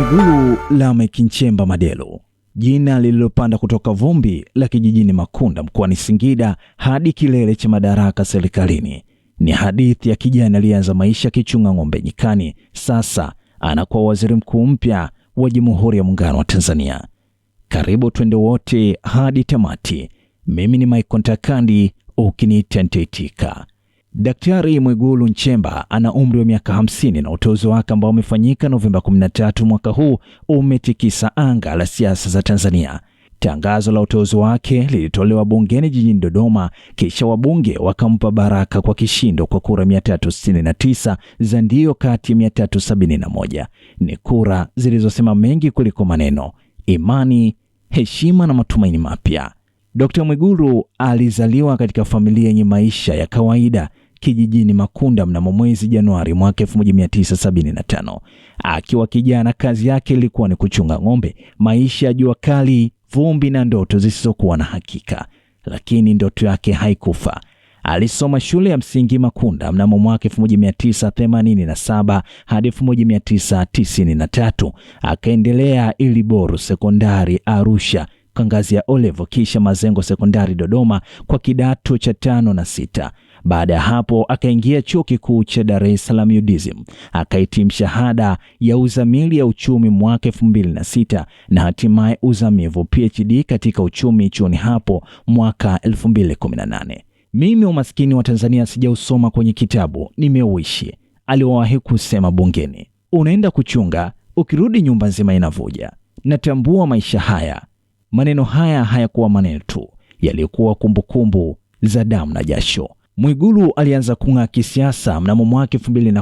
Mwigulu Lameck Nchemba Madelu, jina lililopanda kutoka vumbi la kijijini Makunda mkoani Singida hadi kilele cha madaraka serikalini, ni hadithi ya kijana aliyeanza maisha akichunga ng'ombe nyikani. Sasa anakuwa waziri mkuu mpya wa Jamhuri ya Muungano wa Tanzania. Karibu twende wote hadi tamati. Mimi ni Mike Kontakandi, ukiniita Daktari Mwigulu Nchemba ana umri wa miaka hamsini na uteuzi wake ambao umefanyika Novemba 13 mwaka huu umetikisa anga la siasa za Tanzania. Tangazo la uteuzi wake lilitolewa bungeni jijini Dodoma, kisha wabunge wakampa baraka kwa kishindo kwa kura 369 za ndio kati ya 371. Ni kura zilizosema mengi kuliko maneno: imani, heshima na matumaini mapya. Dkt. Mwigulu alizaliwa katika familia yenye maisha ya kawaida kijijini Makunda mnamo mwezi Januari mwaka 1975. Akiwa kijana, kazi yake ilikuwa ni kuchunga ng'ombe, maisha ya jua kali, vumbi na ndoto zisizokuwa na hakika, lakini ndoto yake haikufa. Alisoma shule ya msingi Makunda mnamo mwaka 1987 hadi 1993, akaendelea Iliboru sekondari Arusha kutoka ngazi ya Olevo kisha Mazengo Sekondari Dodoma kwa kidato cha tano na sita. Baada ya hapo akaingia chuo kikuu cha Dar es Salaam UDSM, akahitimu shahada ya uzamili ya uchumi mwaka 2006 na hatimaye uzamivu PhD katika uchumi chuoni hapo mwaka 2018. Mimi umaskini wa Tanzania sijausoma kwenye kitabu, nimeuishi, aliwahi kusema bungeni. Unaenda kuchunga, ukirudi nyumba nzima inavuja. Natambua maisha haya Maneno haya hayakuwa maneno tu, yaliyokuwa kumbukumbu za damu na jasho. Mwigulu alianza kung'aa kisiasa mnamo mwaka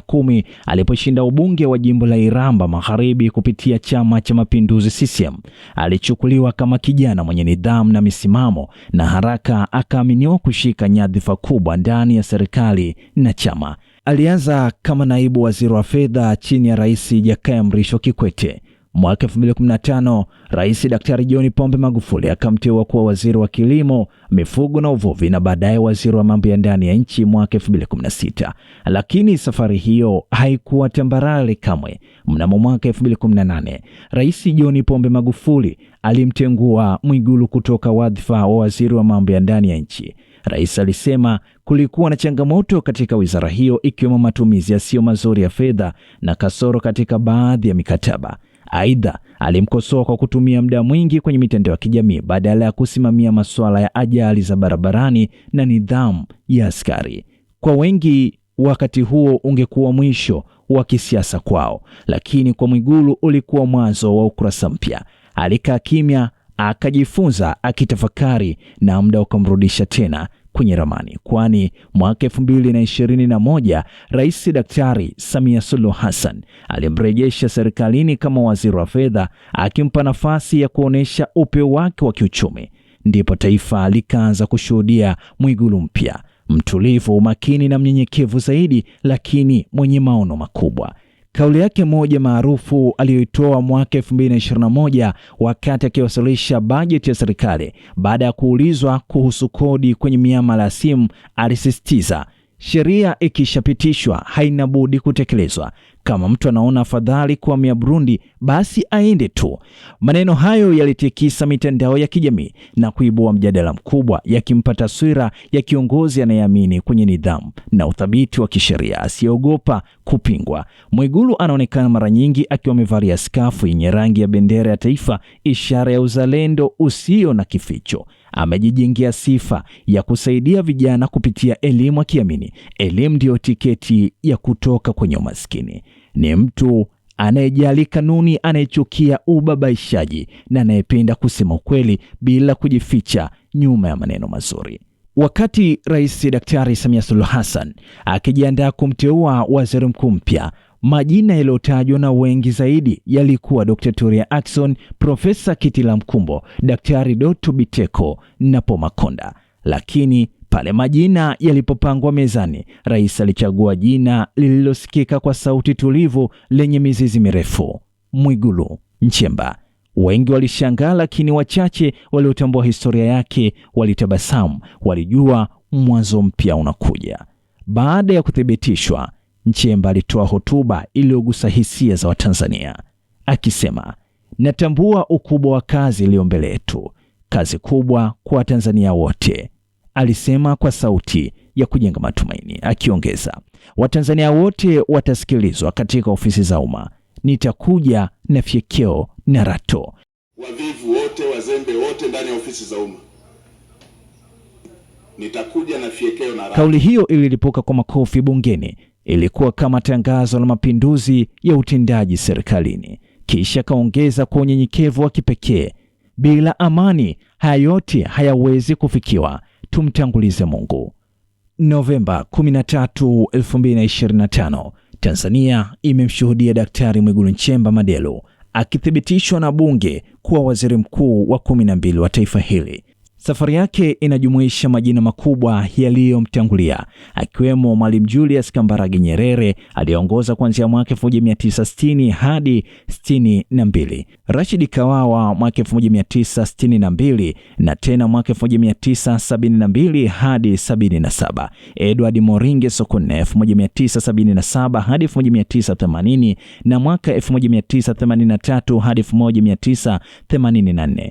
kumi aliposhinda ubunge wa jimbo la Iramba Magharibi kupitia Chama cha Mapinduzi CCM. Alichukuliwa kama kijana mwenye nidhamu na misimamo, na haraka akaaminiwa kushika nyadhifa kubwa ndani ya serikali na chama. Alianza kama naibu waziri wa fedha chini ya Rais Jakaya Mrisho Kikwete. Mwaka 2015 Rais Daktari John Pombe Magufuli akamteua kuwa waziri wa kilimo, mifugo na uvuvi na baadaye waziri wa mambo ya ndani ya nchi mwaka 2016. Lakini safari hiyo haikuwa tambarare kamwe. Mnamo mwaka 2018 Rais John Pombe Magufuli alimtengua Mwigulu kutoka wadhifa wa waziri wa mambo ya ndani ya nchi. Rais alisema kulikuwa na changamoto katika wizara hiyo ikiwemo matumizi yasiyo mazuri ya fedha na kasoro katika baadhi ya mikataba. Aidha, alimkosoa kwa kutumia muda mwingi kwenye mitandao ya kijamii badala ya kusimamia masuala ya ajali za barabarani na nidhamu ya askari. Kwa wengi, wakati huo ungekuwa mwisho wa kisiasa kwao, lakini kwa Mwigulu ulikuwa mwanzo wa ukurasa mpya. Alikaa kimya, akajifunza, akitafakari na muda ukamrudisha tena kwenye ramani, kwani mwaka 2021 Rais Daktari Samia Suluhu Hassan alimrejesha serikalini kama waziri wa fedha, akimpa nafasi ya kuonesha upeo wake wa kiuchumi. Ndipo taifa likaanza kushuhudia Mwigulu mpya, mtulivu, makini na mnyenyekevu zaidi, lakini mwenye maono makubwa. Kauli yake moja maarufu aliyoitoa mwaka 2021 wakati akiwasilisha bajeti ya serikali baada ya kuulizwa kuhusu kodi kwenye miamala ya simu, alisisitiza Sheria ikishapitishwa haina budi kutekelezwa. Kama mtu anaona afadhali kuhamia Burundi, basi aende tu. Maneno hayo yalitikisa mitandao ya kijamii na kuibua mjadala mkubwa, yakimpa taswira ya kiongozi anayeamini kwenye nidhamu na uthabiti wa kisheria, asiyeogopa kupingwa. Mwigulu anaonekana mara nyingi akiwa amevalia skafu yenye rangi ya bendera ya taifa, ishara ya uzalendo usio na kificho amejijengea sifa ya kusaidia vijana kupitia elimu, akiamini elimu ndiyo tiketi ya kutoka kwenye umaskini. Ni mtu anayejali kanuni, anayechukia ubabaishaji na anayependa kusema ukweli bila kujificha nyuma ya maneno mazuri. Wakati Rais Daktari Samia Suluhu Hassan akijiandaa kumteua waziri mkuu mpya, Majina yaliyotajwa na wengi zaidi yalikuwa Dr. turia Ackson, Profesa Kitila Mkumbo, Daktari Doto Biteko na Pomakonda. Lakini pale majina yalipopangwa mezani, rais alichagua jina lililosikika kwa sauti tulivu lenye mizizi mirefu, Mwigulu Nchemba. Wengi walishangaa, lakini wachache waliotambua historia yake walitabasamu, walijua mwanzo mpya unakuja. Baada ya kuthibitishwa Nchemba alitoa hotuba iliyogusa hisia za Watanzania akisema, natambua ukubwa wa kazi iliyo mbele yetu, kazi kubwa kwa Watanzania wote, alisema kwa sauti ya kujenga matumaini, akiongeza, Watanzania wote watasikilizwa katika ofisi za umma. Nitakuja na fyekeo na rato, wavivu wote, wazembe wote ndani ya ofisi za umma nitakuja na fyekeo na rato. Kauli hiyo ililipuka kwa makofi bungeni ilikuwa kama tangazo la mapinduzi ya utendaji serikalini. Kisha kaongeza kwa unyenyekevu wa kipekee, bila amani haya yote hayawezi kufikiwa, tumtangulize Mungu. Novemba 13, 2025, Tanzania imemshuhudia Daktari Mwigulu Nchemba Madelu akithibitishwa na bunge kuwa waziri mkuu wa 12 wa taifa hili. Safari yake inajumuisha majina makubwa yaliyomtangulia akiwemo Mwalimu Julius Kambarage Nyerere aliyeongoza kuanzia mwaka 1960 hadi 62, Rashid Kawawa mwaka 1962 na tena mwaka 1972 hadi 77, Edward Moringe Sokoine 1977 hadi 1980 na mwaka 1983 hadi 1984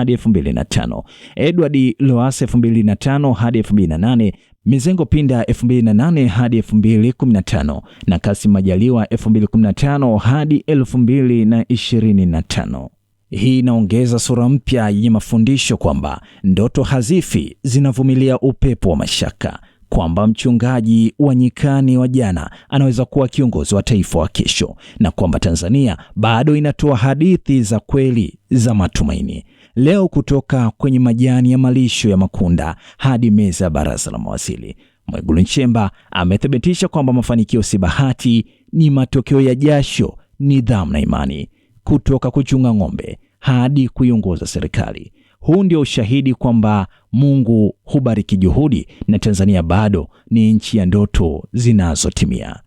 hadi 2005, Edward Loasa 2005 hadi 2008, Mizengo Pinda 2008 hadi 2015 na Kasim Majaliwa 2015 hadi 2025. Hii inaongeza sura mpya yenye mafundisho kwamba ndoto hazifi, zinavumilia upepo wa mashaka, kwamba mchungaji wa nyikani wa jana anaweza kuwa kiongozi wa taifa wa kesho, na kwamba Tanzania bado inatoa hadithi za kweli za matumaini leo kutoka kwenye majani ya malisho ya makunda hadi meza ya baraza la mawaziri. Mwigulu Nchemba amethibitisha kwamba mafanikio si bahati, ni matokeo ya jasho, nidhamu na imani, kutoka kuchunga ng'ombe hadi kuiongoza serikali. Huu ndio ushahidi kwamba Mungu hubariki juhudi na Tanzania bado ni nchi ya ndoto zinazotimia.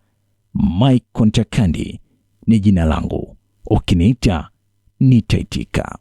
Mike Kontakandi ni jina langu, ukiniita nitaitika.